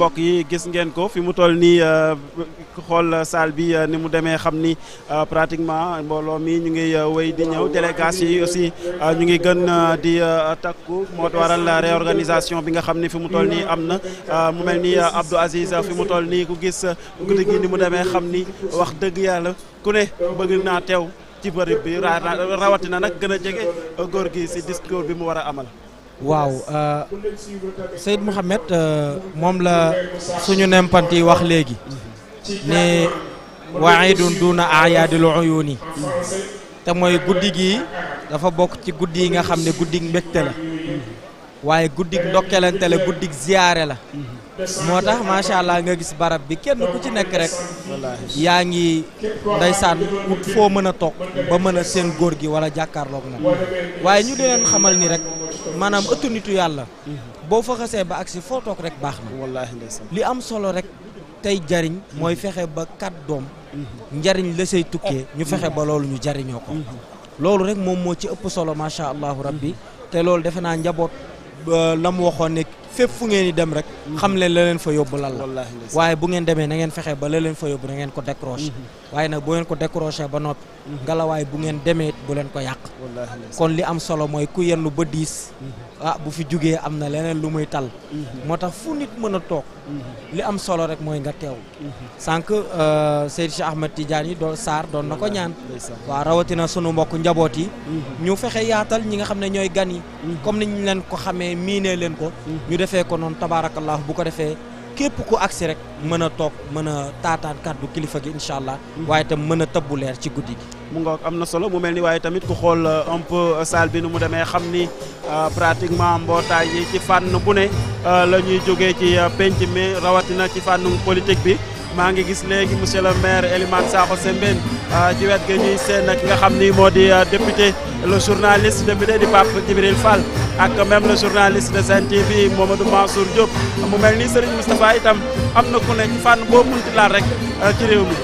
mbokk yi gis ngeen ko fi mu toll nii euh, xool salle bi euh, ni mu demee xam ni euh, pratiquement mbooloo mi ñu ngi wéy di ñëw délégation yi aussi ñu ngi gën di takku moo waral réorganisation bi nga xam ni fi mu toll nii am na mu mel nii Abdou Aziz fi mu toll nii ku gis guddi gi ni mu demee xam ni wax dëgg yàlla ku ne bëgg naa teew ci bërëb bi rawatina nag gën a jege góor gi si discours bi mu war a amal. waaw euh, Seyd Mouhamed euh, moom la suñu nempanti wax léegi ne waidun duna ayaadil uyuni te mooy guddi gi dafa bokk ci guddi yi nga xam ne guddi mbégte la waaye guddi ndokkelante la guddi ziyaare la moo tax macha allah nga gis barab bi kenn ku ci nekk rek yaa ngi ndeysaan ut foo mën a toog ba mën a seen góor gi wala jàkkaarloog na waaye ñu leen xamal ni rek maanaam ëttu nitu yàlla boo fa xasee ba agsi foo toog rek baax na wallaahi ndeysaan li am solo rek tey jariñ mooy fexe ba kat doom njariñ la say tukkee ñu fexe ba loolu ñu jariñoo ko loolu rek moom moo ci ëpp solo macha allahu rabbi te loolu defe naa njaboot euh, la mu waxoon ne fépp fu ngeen di dem rek xam leen la leen fa yóbbu lan la waaye bu ngeen demee na ngeen fexe ba la leen fa yóbbu na ngeen ko décroché mhm. waaye nag bu ngeen ko décroché ba noppi mhm. ngalawaay bu ngeen demee bu leen ko yàq kon li am solo mooy ku yennu ba diis mhm. ah bu fi jugee am na leneen lu muy tal moo tax fu nit mën a toog li am solo rek mooy nga teew sànq euh, Seydi Cheikh Ahmed Tidiane yi doo Sarr doon na ko ñaan waa rawatina sunu mbokk njaboot yi ñu fexe yaatal ñi nga xam ne ñooy gan yi comme ni ñu leen ko xamee leen ko defee ko noonu tabaarakallah bu ko defee képp ku agsi rek mën a toog mën a taataan kàddu kilifa gi incha allah. Mm-hmm. waaye itam mën a tëbbu leer ci guddi gi. mu nga am na solo mu mel ni waaye tamit ku xool euh, un peu euh, salle bi nu mu demee xam ni euh, pratiquement mbootaay yi ci fànn bu ne la ñuy jógee ci penc mi rawatina ci fànn politique bi. maa ngi gis léegi monsieur le maire Elimane Sakho Sembène ci wet ga ñuy seen ak nga xam ni moo di député le journaliste député ak même le journaliste de Sen TV Mamadou Mansour Diop mu mel ni Serigne Moustapha itam am na ku ne ci fànn boo munti laal rek euh, ci réew mi.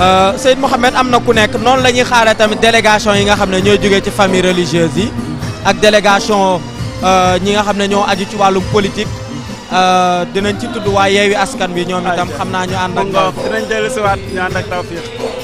Euh, Seyd Mouhamed am na ku nekk noonu la ñuy xaaree tamit délégation yi nga xam ne ñoo jógee ci famille religieuse yi ak délégation euh, ñi nga xam ne ñoo aju ci wàllum politique dinañ ci tudd waay yeewi askan wi ñoom itam xam naa ñu ànd ak. dinañ dellusiwaat ñu ànd ak tawfiq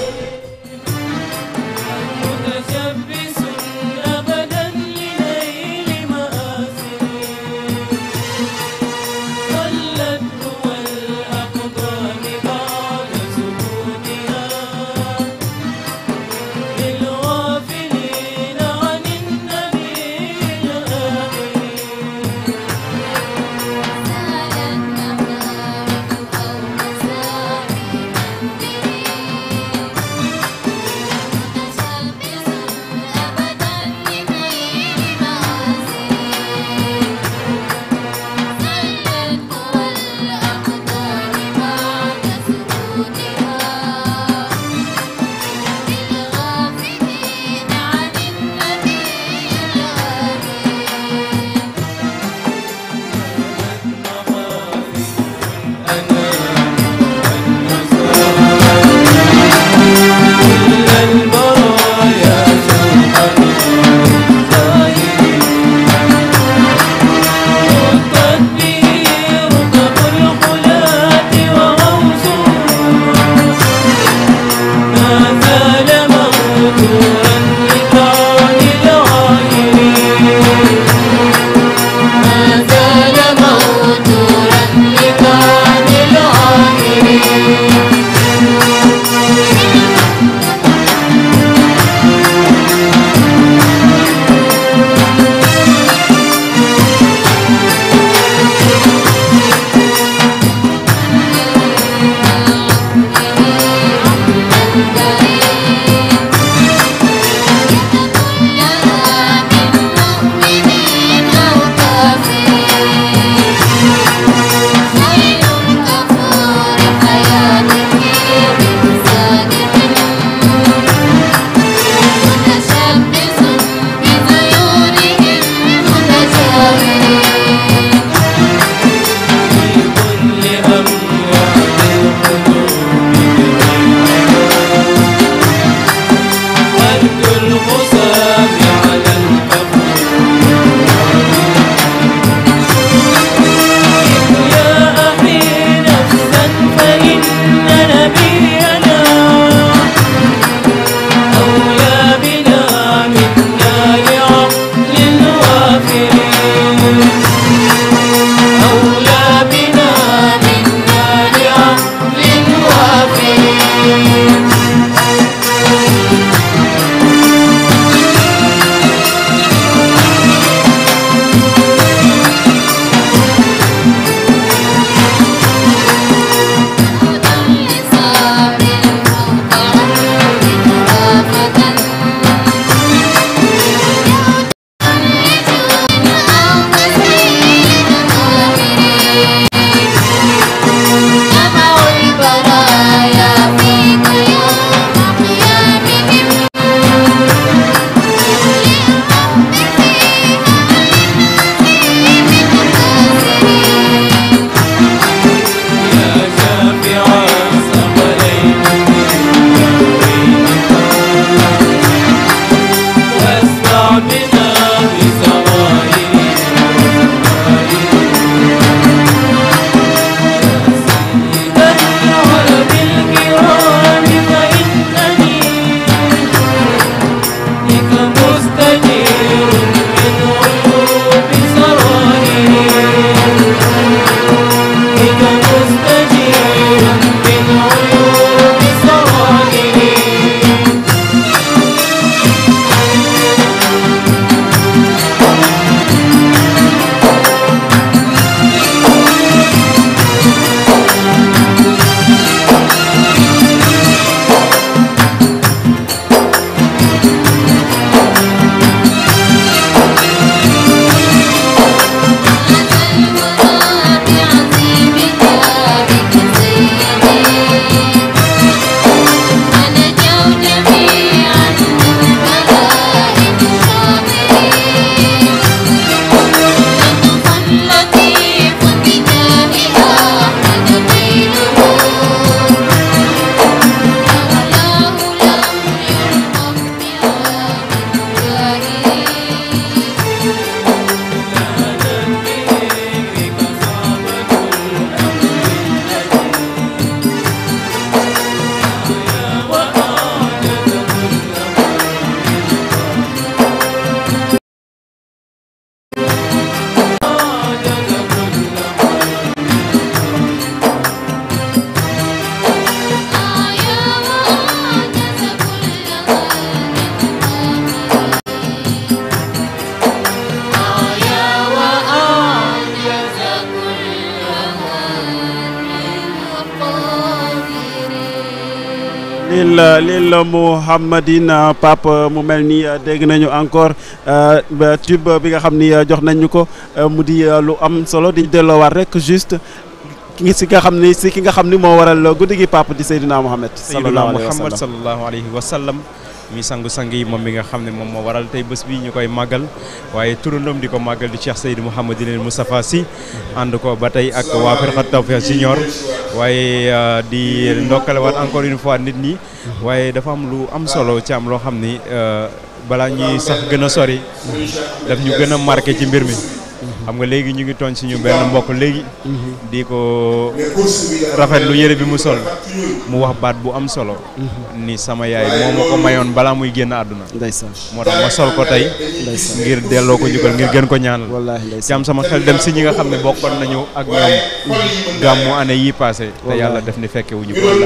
lil lil Mouhamadine Pape mu mel nii euh, dégg nañu encore euh, euh, tube bi nga xam ni jox nañu ko mu di lu am solo di delloowaat rek juste ki si nga xam ni si ki nga xam ni moo waral guddi gi Pape di Seydina Mohamed. sallallahu alayhi wa sallam mi sangu sang yi moom mi nga xam ne moom moo waral tey bés bi ñu koy màggal waaye turandoom di ko màggal di Cheikh Seydou Mouhamadinil Moustapha Sy ànd ko ba tey ak waa Firqat Tawfiq Junior waaye euh, di ndokkalewaat encore une nit ñi waaye dafa am lu am solo ci loo xam ni euh, balaa ñuy sax gën a sori daf ñu gën a marqué ci mbir mi xam nga léegi ñu ngi tooñ suñu benn mbokk léegi. Mhm. di ko rafet lu yëre bi mu sol mu wax baat bu am solo. Mhm. ni sama yaay moo ma ko mayoon bala muy génn àdduna. ndeysaan moo tax ma sol ko tey. ngir delloo ko njukkal ngir gën ko ñaanal. wallaahi ci sama xel dem si ñi nga xam ne bokkoon nañu ak ñoom. gàmmu année yi passé te yàlla def ni fekkewuñu wuñu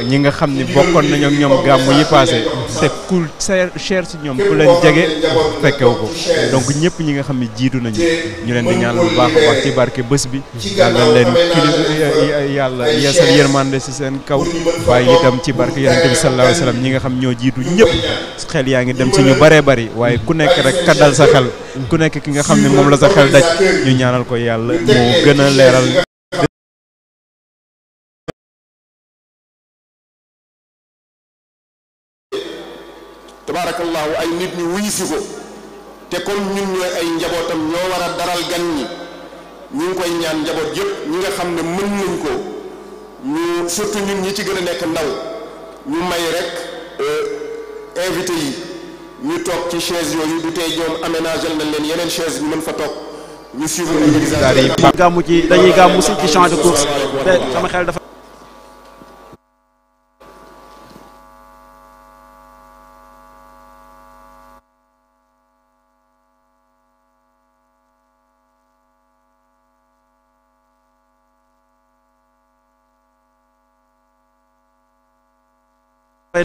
ak ñi nga xam ni bokkoon nañu ak ñoom gàmmu yi passé te ku cher si ñoom ku leen jege fekkewu ko donc ñëpp ñi nga xam ne jiitu nañu ñu leen di ñaan bu baax a baax ci barke bés bi yàlla leen kili yàlla yeesal yërmande si seen kaw waaye itam ci barke yonente bi sallallahu alayhi wasallam ñi nga xam ñoo jiitu ñëpp xel yaa ngi dem ci ñu bëree bëri waaye ku nekk rek ka dal sa xel ku nekk ki nga xam ne moom la sa xel daj ñu ñaanal ko yàlla moo gën leeral te comme ñun ñooy ay njabootam ñoo war daral gan ñi ñu koy ñaan njaboot yëpp ñi nga xam ne mën nañ ko ñu surtout ñun ñi ci gën a nekk ndaw ñu may rek euh, invité yi ñu toog ci chaise yooyu du tey ñoom aménagé nañ leen yeneen chaise ñu mën fa toog ñu suivre. dañuy gàmmu ci dañuy gàmmu si ci champ de course te sama xel dafa.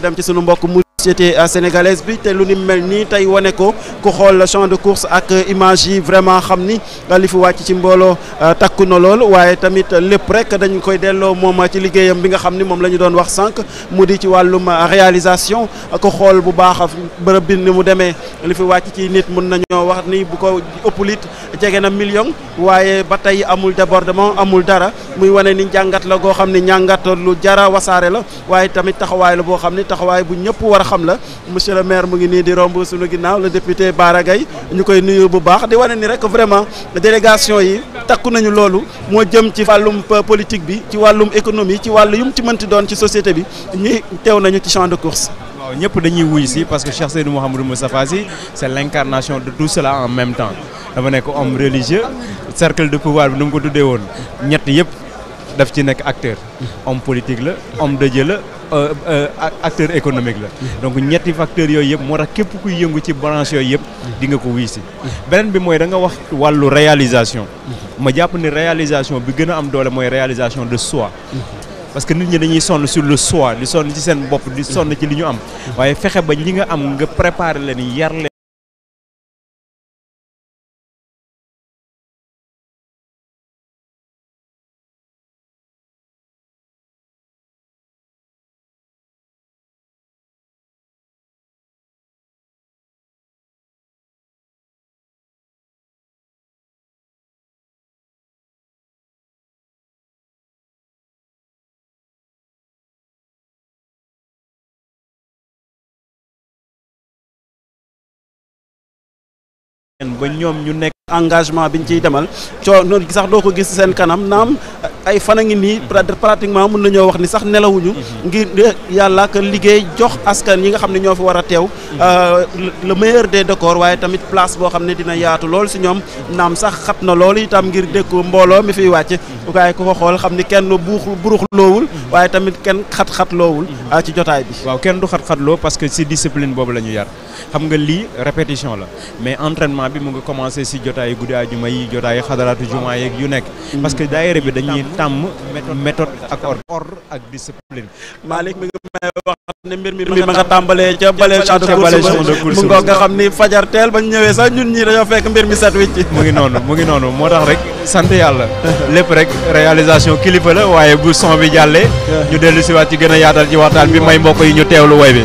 day dem ci sunu mbokk mu société euh, sénégalaise bi te lu ni mel ni tey wane ko ku xool champ de course ak image yi vraiment xam ni euh, li fi wàcc ci mbooloo euh, takku na lool waaye tamit lépp rek dañ koy delloo moom ci liggéeyam bi nga xam ni moom la ñu doon wax sànq mu di ci wàllum réalisation ko xool bu baax bërëb bi ni mu demee li fi wàcc ci nit mun nañoo wax ni bu ko ëpp it jege na million waaye ba tey amul débordement amul dara muy wane ni njàngat la goo xam ni njàngat lu jara la waaye tamit taxawaay la boo xam ni xam la monsieur le maire mu ngi nii di romb suñu ginnaaw le député Bara Gaye ñu koy nuyu bu baax di wane ni rek vraiment délégation yi takku nañu loolu moo jëm ci wàllum euh, politique bi ci wàllum économie ci wàllu mu ci mënti doon ci société bi ñi teew nañu ci champ de course. waaw ñëpp dañuy wuy si parce que Cheikh Seydou Mouhamadou Moustapha Sy c'est l'incarnation de tout cela en même temps dafa nekk homme religieux cercle de pouvoir bi nu mu ko tuddee woon ñett yëpp daf ci nekk acteur Euh, euh, acteur économique la donc ñetti facteurs yooyu yëpp moo tax képp kuy yëngu ci branche yooyu yëpp di nga ko wuy si beneen bi mooy da wax wàllu réalisation ma jàpp ni réalisation bi gën a am doole mooy réalisation de soi parce que nit ñi dañuy sonn sur le soi di sonn ci seen bopp di sonn ci li ñu am waaye fexe ba li nga am nga préparer leen yar leen ba ñoom ñu nekk engagement bi ñu ciy demal coo noonu sax doo ko gis seen kanam naam ay fan a ngi nii pratiquement na ñoo wax ni sax nelawuñu mhm. ngir yàlla ka liggéey jox askan yi nga xam ne ñoo fi war a teew mhm. euh, le meilleur de décors waaye tamit place boo xam ne dina yaatu lool si ñoom naam sax xat na loolu itam ngir dékku mbooloo mi fiy wàcc mhm. waaye ku ko xool xam ne kenn buux burux loowul waaye tamit kenn xat-xat loowul euh, ci jotaay bi waaw kenn du xat-xat loo parce que si discipline boobu la ñu yar xam nga lii répétition la mais entraînement bi mu ngi commencé si jotaayu guddi ajuma yi jotaayu xadaraatu juma yeeg yu nekk. parce que daayira bi dañuy tàmm méthode ak ordre ak discipline. Malick mi ngi may wax mbir mi ma tàmbalee ca bale champ de course mu fajar teel ba ñu sax ñun ñi dañoo fekk mbir mi mu ngi noonu mu ngi noonu moo tax rek sant yàlla lépp rek réalisation kilifa la waaye bu son bi jàllee ñu dellu si waat ci gën a yaatal ci waxtaan bi may mbokk yi ñu teewlu woy bi